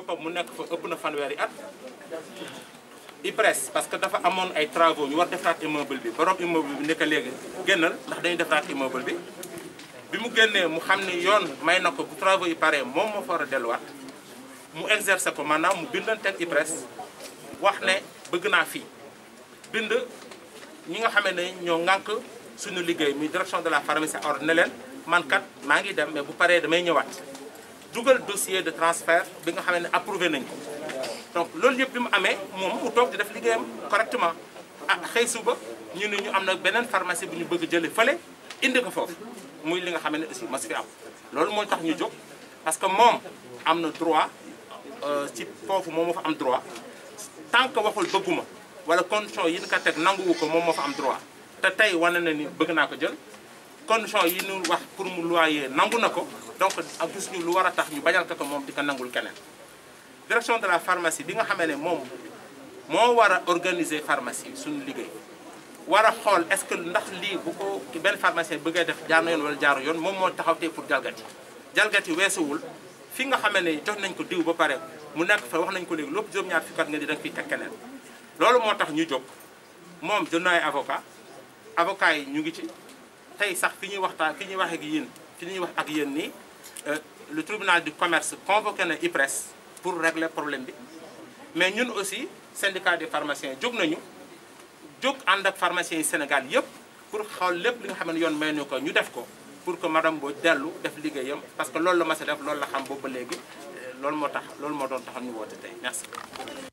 boppam mu nekk fa ëpp na fanweeri IPRES parce que dafa amoon ay travaux ñu war defaraat immeuble bi borom immeuble bi nekk léegi génnal ndax dañuy defaraat immeuble bi bi mu génnee mu xam ne yoon may na ko bu travaux yi paree moom moo fa war a delluwaat mu exercer ko maanaam mu bindanteeg IPRES wax ne bëgg naa fii bind ñi nga xamee ne ñoo ngànk suñu liggéey muy direction de la pharmacie ordre ne leen man kat maa ngi dem mais bu paree damay ñëwaat dugal dossier de transfert bi nga xam ne approuvé nañ ko donc loolu yëpp bi mu amee moom mu toog di def liggéeyam correctement ah xëy suba ñu ne ñu am na pharmacie bu ñu bëgg jële fële indi ko foofu muy li nga xam ne aussi mas fi am loolu mooy tax ñu jóg parce que moom am na droit euh, ci foofu moom moo fa am droit tant que waxul bëgguma wala condition yi ñu ko teg nanguwu ko moom moo fa am droit te tey wane na ni bëgg jël condition yi ñu wax pour mu loyer nangu na ko donc ak gis ñu lu war a tax ñu bañal ko ko moom di ko nangul keneen direction de la pharmacie bi nga xamee ne moom moo war a organiser pharmacie suñu liggéey war a xool est-ce que ndax lii bu ko benn pharmacien bëggee def jaar na yoon wala jaaru yoon moom moo taxaw tey pour jalgati jalgati weesuwul fi nga xamee ne jox nañ ko diw ba pare mu nekk fa wax nañ ko léegi lépp juróom-ñaar fukki at nga di da nga fiy teg keneen loolu moo tax ñu jóg moom jot naa ay yi ñu ngi ci tey sax fi ñuy waxtaan fi ñuy wax ak yéen fi ñuy wax ak yéen ni euh, le tribunal du commerce convoqué na IPRES pour régler problème bi mais ñun aussi syndicat des pharmaciens jóg nañu jóg ànd ak pharmaciens Sénégal yépp pour xool lépp li nga xam yoon may na ko ñu def ko pour que madame bo delu def liggéeyam parce que loolu la mas a def loolu la xam boobu ba léegi loolu moo tax loolu mo doon taxoon ñu woote tay merci.